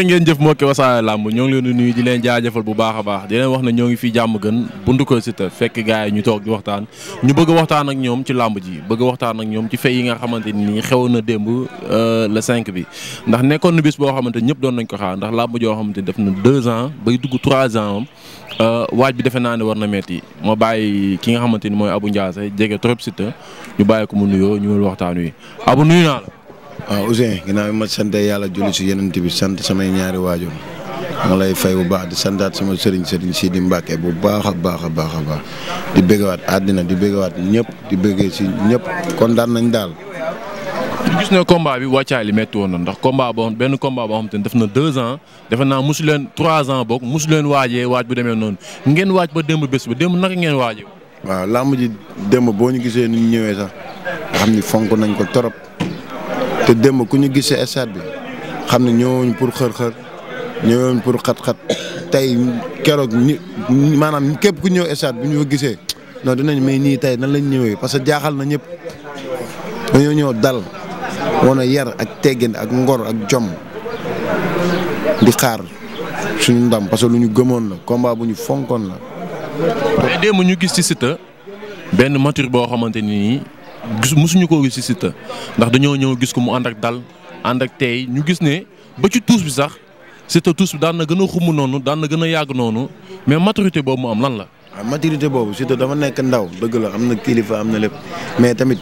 jërë ngeen jëf mbokki wasaare làmb ñoo ngi leen di nuyu di leen jaajëfal bu baax a baax di leen wax ne ñoo ngi fii jàmm gën buntu ko Siteu fekk gars yi ñu toog di waxtaan ñu bëgg waxtaan ak ñoom ci làmb ji bëgg waxtaan ak ñoom ci fay euh, bi ndax nekkoon na bis boo xamante ñëpp doon nañ ko xaar ndax làmb joo xamante def na 2 ans bay dugg 3 ans am euh, waaj bi defe naa ne war na metti ma bàyyi ki nga xamante ni mooy Abou Ndiassé jege trop Siteu ñu bàyyi ko mu nuyoo ñu waxtaan wi Abou nuyu naa la waaw Ouzin ginnaaw bi ma sant yàlla julli si yeneen bi sant samay ñaari waajur ma lay fay bu baax di santaat sama sëriñ sëriñ si di Mbàkke bu baax a baax a baax a baax di waat àddina di waat ñëpp di bëggee si ñëpp daan nañ daal. gis na combat bi wàccaay li métti woon na ndax combat boo benn combat boo xam te def na deux ans defe naa mosu leen trois ans boog mosu leen waajee waaj bu demee noonu ngeen waaj ba démb bés ba démb naka ngeen waajee. waaw ji démb boo ñu gisee ni ñëwee sax xam ni fonk nañ ko torop te démb ku ñu gisee stade bi xam ne ñëwoon pour xër-xër ñëwoon pour xat-xat tey keroog maanaam képp ku ñëw stade bu ñu fa gisee non dinañ may nii tey nan lañ ñëwee parce que jaaxal na ñëpp dañoo ñëw dal woon yar ak teggin ak ngor ak jom di xaar suñu ndam parce que lu ñu gëmoon la combat bu ñu fonkoon la. mais démb ñu gis ci Siteu benn mature boo xamante ni. gis mosuñu koo gis ndax dañoo ñëw gis ko mu ànd ak dal ànd ak tey ñu gis ne ba ci tuus bi sax Siteu tuus bi daan na gën a xumu noonu daan na gën a yàgg noonu mais maturité boobu mu am la. waaw ah, boobu Siteu dafa nekk ndaw dëgg la am na kilifa am na lépp mais tamit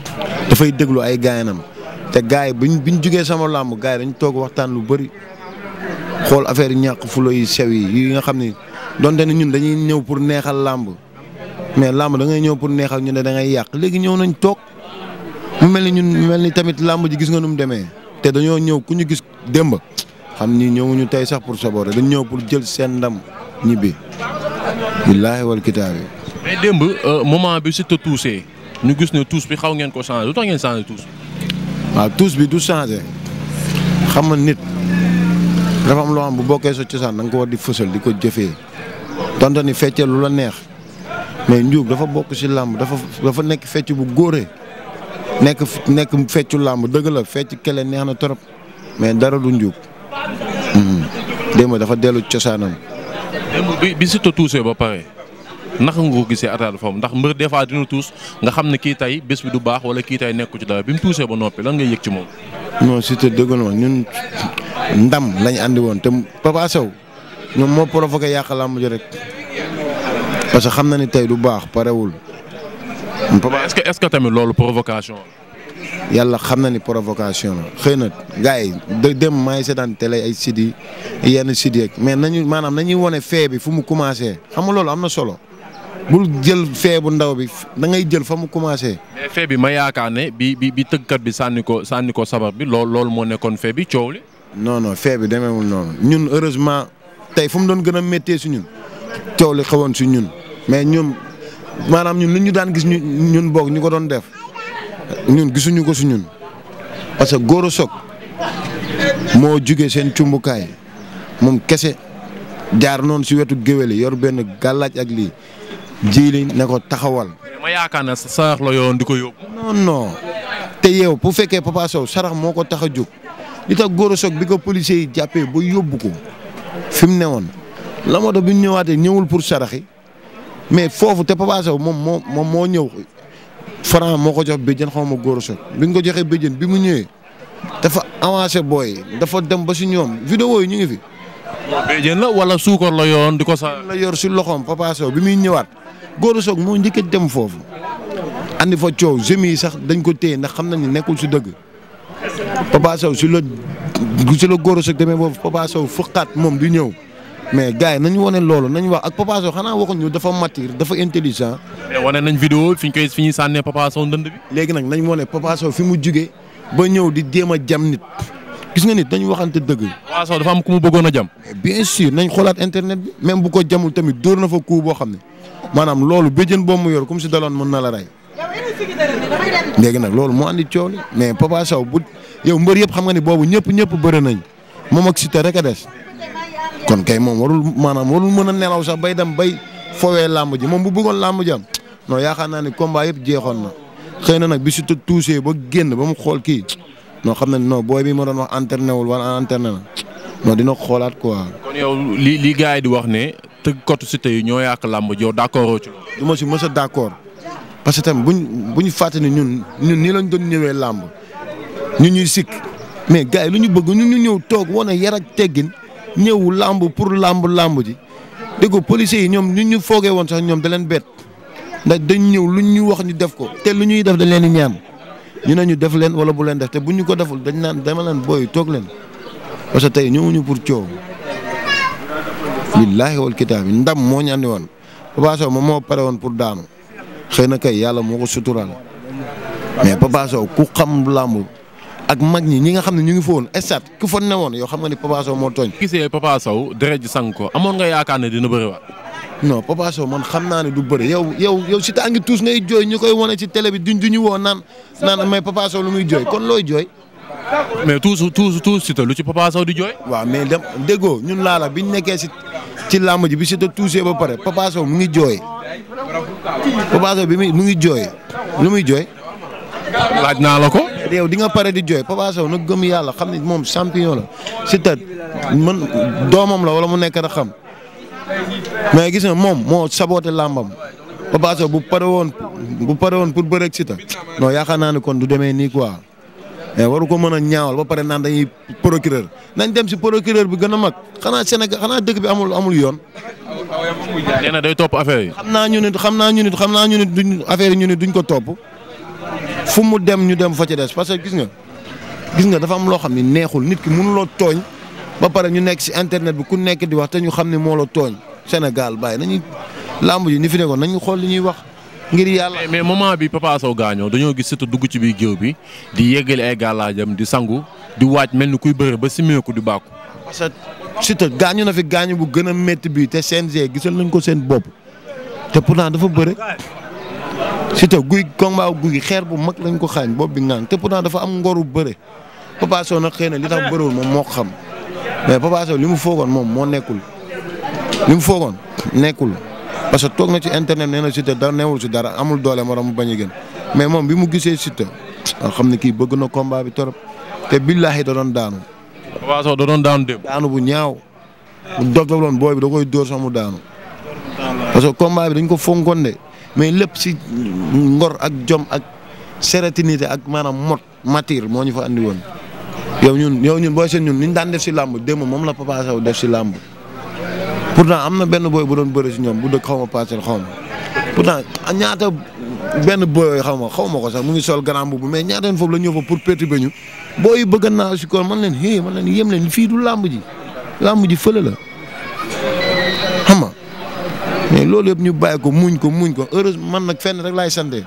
dafay déglu ay gaayanam te gaay buñ buñ jugee sama làmb gaay dañ toog waxtaan lu bëri xool affaire ñàkk fulo yi sew yi yi nga xam ni donte ne ñun dañuy ñëw pour neexal làmb mais làmb da ngay ñëw pour neexal ñu ne da ngay yàq léegi ñëw nañ toog mu mel ni ñun mel ni tamit làmb ji gis nga nu mu demee te dañoo ñëw ku ñu gis démb xam ni ñëwuñu tey sax pour sabore dañ ñëw pour jël seen ndam ñibbi. billaahi wal kitaabi. mais démb euh, moment bi Siteu tuusee ñu gis ne tuus bi xaw ngeen ko changé lu tax ngeen changé tuus. waaw tuus bi du changé xam nga nit dafa am loo xam bu bokkee sa cosaan da nga ko war di fësal di ko jëfee donte ni feccee lu la neex mais njuub dafa bokk ci làmb dafa dafa nekk fecc bu góoree. nekk nekk feccu làmb dëgg la fecc kele neex na trop mais dara du njuub. Mm-hmm. démb dafa dellu cosaanam. bi bi Siteu tuusee ba pare naka nga ko gisee attaque de ndax mbër des fois dina tuus nga xam ne kii tey bés bi du baax wala kii tey nekku ci dara bi mu tuusee ba noppi lan ngay yëg ci moom. non Siteu dëgg la ñun ndam lañu andi woon te Papa Sow ñoom moo provoqué yàq làmb ji rek parce que xam na ni tey du baax parewul Papa est-ce que est-ce tamit loolu provocation la. yàlla xam na ni provocation la xëy na gars yi de dem maa ngi seetaan télé ay sidi yenn sidi yeeg mais nañu maanaam nañuy wane fee bi fu mu commencé xam nga am na solo. bul jël fee bu ndaw bi da ngay jël fa mu commencé. mais fee bi ma yaakaar ne bi bi bi tëggkat bi sànni ko sànni ko sabar bi lool loolu moo nekkoon fee bi coow li. non non fee bi demeewul noonu ñun heureusement tey fu mu doon gën a si ñun coow li xawoon si ñun mais ñoom maanaam ñun lu ñu daan gis ñu ñun boog ñu ko doon def ñun gisuñu ko su ñun parce que góor soog moo jugee seen cumbukaay moom kese jaar noonu si wetu géwél yi yor benn gàllaaj ak lii jiili ne ko taxawal. ma yaakaar ne sarax la yoon di ko yóbbu. non non te yow bu fekkee Papa Sow sarax moo ko tax a jóg li tax Gora bi ko policiers yi jàppee ba yóbbu ko fi mu ne woon la moo tax bi ñu ñëwaatee ñëwul pour saraxi mais foofu te Papa Sow moom moo moom moo ñëw Franc moo ko jox béjjën xaw ma góor soog bi nga ko joxee béjjën bi mu ñëwee dafa avancé booy dafa dem ba si ñoom vidéo yi ñu ngi fi. béjjën la wala suukar la yoon di ko sa la yor si loxoom Papa bi muy ñëwaat góor soog moo njëkk a dem foofu. andi fa coow jeunes yi sax dañ ko téye ndax xam nañ ne nekkul si dëgg Papa Sow si la si la góor soog demee boobu Papa Sow fukkaat moom di ñëw. mais gars yi nañu wane loolu nañu wax ak Papa xanaa waxuñ ñu dafa mature dafa intelligent. mais wane nañ vidéo fi ñu koy fi ñuy sànnee Papa Sow ndënd bi. léegi nag nañ wane Papa Sow fi mu jugee ba ñëw di jéem a jam nit gis nga nit dañu waxante dëgg. Papa Sow dafa am ku mu bëggoon a jam. bien sûr nañ xoolaat internet bi même bu ko jamul tamit dóor na fa coup boo xam ne maanaam loolu béjjën boobu mu yor comme si daloon mën na la rey. léegi nag loolu moo andi coow mais Papa bu yow mbër yëpp xam nga ni boobu ñëpp ñëpp bëri nañ moom ak rek a kon kay moom warul maanaam warul mën a nelaw sax bay dem bay fowee làmb ji moom bu bëggoon làmb jam am non yaakaar naa ni combat yëpp jeexoon na xëy na nag bi surtout tuusee ba génn ba mu xool kii noo xam na noo booy bi ma doon wax internet wul wala internet na non dina xoolaat quoi. kon li li gars yi di wax ne tëgg kottu si tey ñoo yàq làmb ji yow accord ci du ma si mës a d' accord parce que tamit buñ buñ fàtte ni ñun ñun nii lañ doon ñëwee làmb ñun ñuy sikk mais gars yi lu ñu bëgg ñun ñu ñëw toog wane yar ak ñëw làmb pour làmb làmb ji dégg nga policiers yi ñoom ñu ñu foogee woon sax ñoom da leen bett ndax dañ ñëw lu ñu wax ñu def ko te lu ñuy def dañ leen di ñaan ñu ne ñu def leen wala bu leen def te bu ñu ko deful dañ naan dama leen booy toog leen parce que tey ñëwuñu pour coow. billaahi wal kitaab bi ndam moo ñu woon Papa Sow moom moo pare woon pour daanu xëy na kay yàlla moo ko suturaal mais Papa ku xam làmb ak mag ñi ñi nga xam ne ñu ngi fa woon estat ku fa newoon yoo xam nga ni Papa Sow moo tooñ. gisee Papa Sow deret ji sang ko amoon nga yaakaar ne dina bëri waat. non Papa Sow man xam naa ne du bëri yow yow yow si tàngi tuus ngay jooy ñu koy wane ci télé bi duñ duñu woo naan naan mais Papa Sow lu muy jooy kon looy jooy. mais tuusu tuusu tuus si te lu ci Papa Sow di jooy. waaw mais dem déggoo ñun laa la biñ nekkee si ci làmb ji bi si te tuusee ba pare Papa Sow mu ngi jooy Papa Sow bi mu ngi jooy lu muy jooy. laaj naa la ko. te yow di nga pare di jooy Papa Sow nag gëm yàlla xam ne moom champion la Siteu man doomam la wala mu nekk rek xam mais gis na moom moo saboté làmbam Papa Sow bu pare woon bu pare woon pour bëreeg Siteu non yaakaar naa ne kon du demee nii quoi mais waru ko mën a ñaawal ba pare naan dañuy procureur nañ dem si procureur bi gën a mag xanaa Sénégal xanaa dëkk bi amul amul yoon. nee na day topp affaire yi. xam naa ñu nit xam naa ñu nit xam naa ñu nit duñ ñu nit duñ ko topp. fu mu dem ñu dem fa ci des parce que gis nga gis nga dafa am loo xam ne neexul nit ki mënuloo tooñ ba pare ñu nekk si internet bi ku nekk di wax te ñu xam ne moo la tooñ Sénégal bàyyi nañu làmb ji ni fi nekkoon nañu xool li ñuy wax. ngir yàlla mais moment bi Papa Sow gaañoo dañoo gis surtout dugg ci biir géew bi di yeggali ay gàllaajam di sangu di waaj mel ni kuy bëre ba simeeku di bàkku. parce que surtout gaañu na fi gaañu bu gën a métti bi te CNG gisal nañ ko seen bopp te pourtant dafa bëre. Siteu guy combat guy xeer bu mag lañ ko xaañ bopp bi ngaan te pourtant dafa am ngoru bëre Papa Sow nag xëy na li tax bëriwul moom moo xam mais Papa li mu foogoon moom moo nekkul li mu foogoon nekkul parce que toog na ci internet nee na Siteu da newul si dara amul doole moo mu bañ a gën mais moom bi mu gisee Siteu xam ne kii bëgg na combat bi torop te billaahi da doon daanu. Papa Sow da doon bu ñaaw bu dog bi da koy dóor sax mu daanu. parce que combat bi dañ ko fonkoon de mais lépp si ngor ak jom ak sérénité ak maanaam mot matière moo ñu fa andi woon. yow ñun yow ñun booy seen ñun li ñu daan def si làmb démb moom la Papa wu def si làmb pourtant am na benn booy bu doon bëri si ñoom bu dëkk xaw ma paaseel xaw ma pourtant ñaata benn booy xaw ma xaw ma ko sax mu ngi sol grand bu mais ñaata foofu la ñëw fa pour perturber ñu booy bëgg naa si kon man leen hey man leen yem leen fii du làmb ji làmb ji fële la. mais loolu yëpp ñu bàyyi ko muñ ko muñ ko heureusement man nag fenn rek laay sante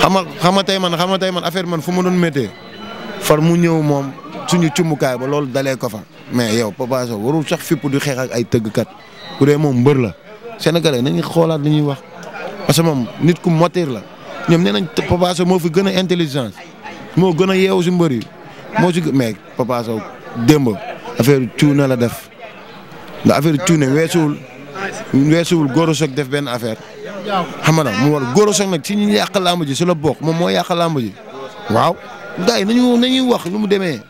xam nga tey man xam nga tey man affaire man fu ma doon méttee far mu ñëw moom suñu cumbukaay ba loolu dalee ko fa mais yow Papa Sow warul sax fipp di xeex ak ay tëggkat bu dee moom mbër la Sénégalais nañu xoolaat li ñuy wax parce que moom nit ku moteur la ñoom nee nañ Papa moo fi gën a intelligence moo gën a yeewu si mbër yi moo si mais Papa Sow démb affaire cuune la def ndax affaire cuune weesuwul weesuwul Gora Sock def benn affaire xam nga mu war Gora Sock nag si ñu yàq làmb ji si la bokk moom moo yàq làmb ji waaw. gars yi nañu nañuy wax lu mu demee.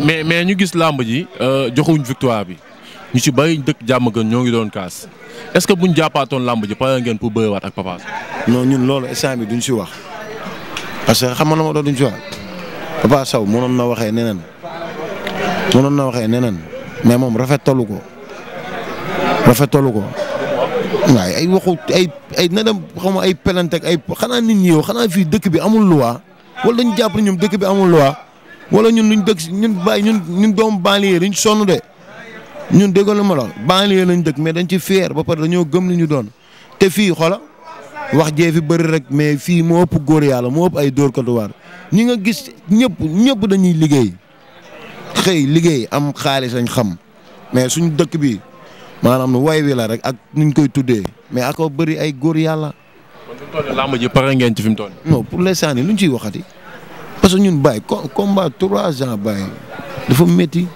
mais mais ñu gis làmb ji euh, joxuñ victoire bi ñu ci bay dëkk jàmm gën ñoo ngi doon kaas est-ce que buñ jàppaatoon làmb ji pare ngeen pour bëriwaat ak Papa Sow. non loolu instant bi duñ si wax parce que xam nga ma doon duñ si wax Papa Sow na waxee neneen mënoon na waxee neneen mais moom rafetalu ko. rafetalu ko waaye ay waxu ay ay na dem xaw ma ay pelanteeg ay xanaa nit ñi yow xanaa fii dëkk bi amul loi wala dañu jàpp ne ñoom dëkk bi amul loi wala ñun luñ dëkk ñun bàyyi ñun ñun doomu banlieue lañ sonn de ñun déggoon na ma la banlieue lañ dëkk mais dañ ci fier ba pare dañoo gëm li ñu doon te fii xoola wax jee bari rek mais fii moo ëpp góor yàlla moo ëpp ay dóorkatu waar ñu nga gis ñëpp ñëpp dañuy liggéey xëy liggéey am xaalis lañ xam mais suñu dëkk bi maanaam way wi la rek ak nuñ koy tuddee mais ako bëri ay góor yàlla. laam fi mu toll nii làmb ci fi mu toll nii. non pour l'instant nii luñ ciy waxati parce que ñun bàyyi combat trois ans bàyyi dafa métti.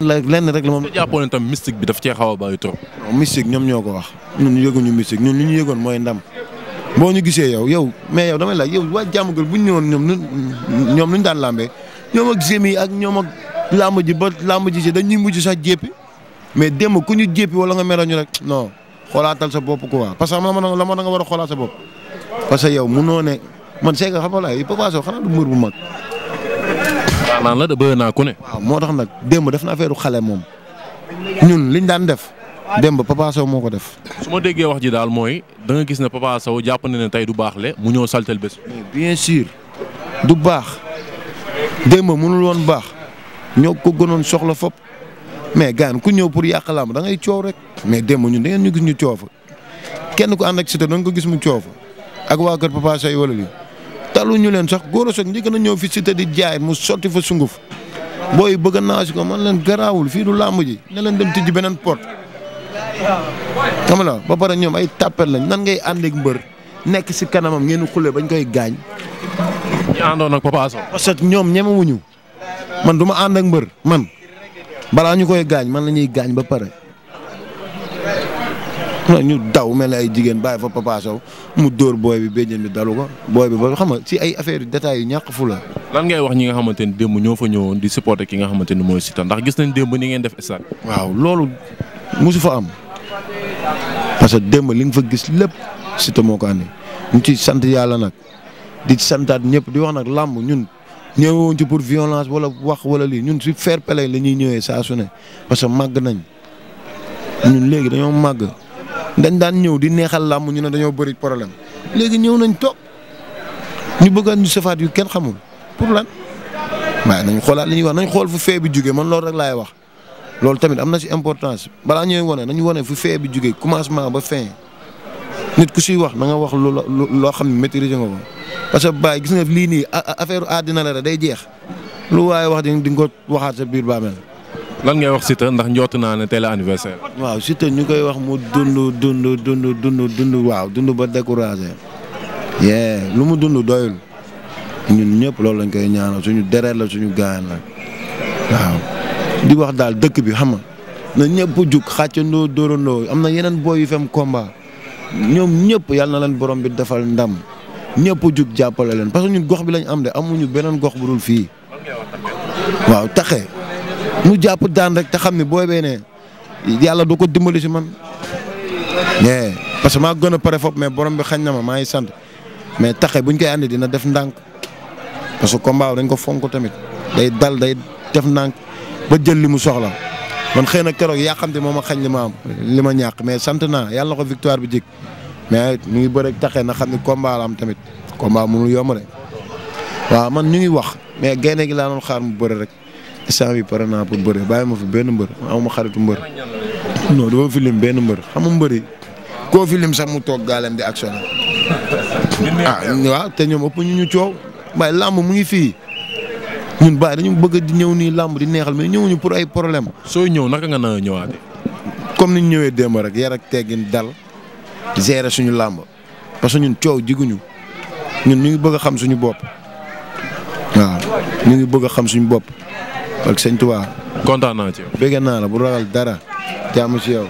lenn rek la moom. jàppoon tam mystique bi daf cee xaw a bàyyi trop. ñoom ñoo ko wax ñun yëguñu mystique ñun li ñu yëgoon mooy ndam boo ñu gisee yow yow mais yow dama laaj yow waa jàmm gën bu ñu ñëwoon ñoom ñoom ñu daan làmbee ñoom ak gémi ak ñoom a ak làmb ji ba a ji si dañuy mujj sax jéppi mais démb ku ñu jéppi wala nga meroon ñu rek non xoolaatal sa bopp quoi parce que am na la ma nga war a xoolaat sa bopp. parce que yow munoo ne man c'est que xam nga laay Papa Sow xanaa du mbër bu mag. naan la de bëgg naa ku ne. waaw moo tax nag démb def na affaire xale moom ñun liñ daan def. démb Papa moo ko def. su ma déggee wax ji daal mooy da nga gis ne Papa Sow jàpp na ne tey du baax le mu ñëw saltel bés. mais bien sûr du baax démb mënul woon baax ñoo ko gënoon soxla fop mais gaan ku ñëw pour yàq làmb da ngay coow rek mais démb ñu da ngeen ñu gis ñu coow fa kenn ku ànd ak Siteu da nga ko gis mu coow ak waa kër Papa Sow wala yi talu ñu leen sax góor a soog njëkk na ñëw fi Siteu di jaay mu sotti fa sunguf booy bëgg naa si ko man leen garaawul fii du làmb ji ne leen dem tijji beneen porte. xam la ba pare ñoom ay tàppet lañ nan ngay ànd ak mbër nekk si kanamam ngeen xule bañ koy gaañ. ñu àndoon ak Papa Sow. parce que ñoom ñemewuñu man du ma ànd ak mbër man. balaa ñu koy gaañ man la ñuy gaañ ba pare. ñu daw mel ay jigéen bàyyi fa Papa mu dóor booy bi béjjén bi dalu ko booy bi ba xam si ci ay affaire détails yu ñàkk fu la. lan ngay wax ñi nga xamante ni démb ñoo fa ñëwoon di supporter ki nga xamante ni mooy Siteu ndax gis nañ démb ni ngeen def stade. waaw loolu mosu fa am parce que démb li nga fa gis lépp Siteu moo ko andi ñu ciy sant yàlla nag di santaat ñëpp di wax nag làmb ñun. ñëwewuñ ci pour violence wala wax wala lii ñun si fair play la ñuy ñëwee saa su ne parce que màgg nañ ñun léegi dañoo màgg dañ daan ñëw di neexal làmb ñu ne dañoo bëri problème léegi ñëw nañ toog ñu bëgg ñu safaat yu kenn xamul pour lan waaye nañ xoolaat li ñuy wax nañ xool fu fee bi jugee man loolu rek laay wax loolu tamit am na si importance balaa ñooy wane nañu wane fu fee bi jugee commencement ba fin. nit ku siy wax na nga wax lu loo xam ne maîtriser nga ko parce que Baye gis nga lii nii affaire àddina la rek day jeex lu waaye wax di nga ko waxaat sa biir bàmmeel. lan ngay wax Siteu ndax njott naa ne tey la anniversaire. waaw Siteu ñu koy wax mu dund dund dund dund dund waaw dund ba découragé. yee lu mu dund doyul ñun ñëpp loolu lañ koy ñaanal suñu deret la suñu gaañ la waaw di wax daal dëkk bi xam nga na ñëpp jug xàccandoo dóorandoo am na yeneen booy yu fem ñoom ñëpp yàlla na leen borom bi defal ndam ñëpp jug jàppale leen parce que ñun gox bi lañ am de amuñu beneen gox bu dul fii waaw taxe mu jàpp daan rek te xam ne boo bee ne yàlla du ko dimbali si man. mais parce que maa gën a pare foofu mais borom bi xañ na ma maa ngi sant mais taxe buñ koy andi dina def ndànk parce que combat dañ ko fonk tamit day dal day def ndànk ba jël li mu soxla. man xëy na keroog te moo ma xañ li ma am li ma ñàkk mais sant naa yàlla na ko victoire bi jik mais ñu ngi bëre taxee na xam ni combat la am tamit combat mënul yomb man ñu ngi wax mais gaynde gi laa doon xaar mu bëre rek instant bi pare naa pour bëre bàyyi ma fi benn mbër amuma xaritu mbër non dama fi lim benn mbër xam nga mbër yi sax mu toog gaalem di actionné ah te ñu ñu coow waaye làmb mu ngi fii ñun baax dañu bëgg di ñëw nii làmb di neexal mais ñëwuñu pour ay problème sooy ñëw naka nga na ñëwaate comme ni ñu ñëwee démb rek yar ak teggin dal gérer suñu làmb parce que ñun coow jiguñu ñun ñu ngi bëgg xam suñu bopp waaw ñu ngi bëgg xam suñu bopp ak sëñ Tuubaa kontaan naa ci yow. naa la bu ragal dara jaamu ci yow.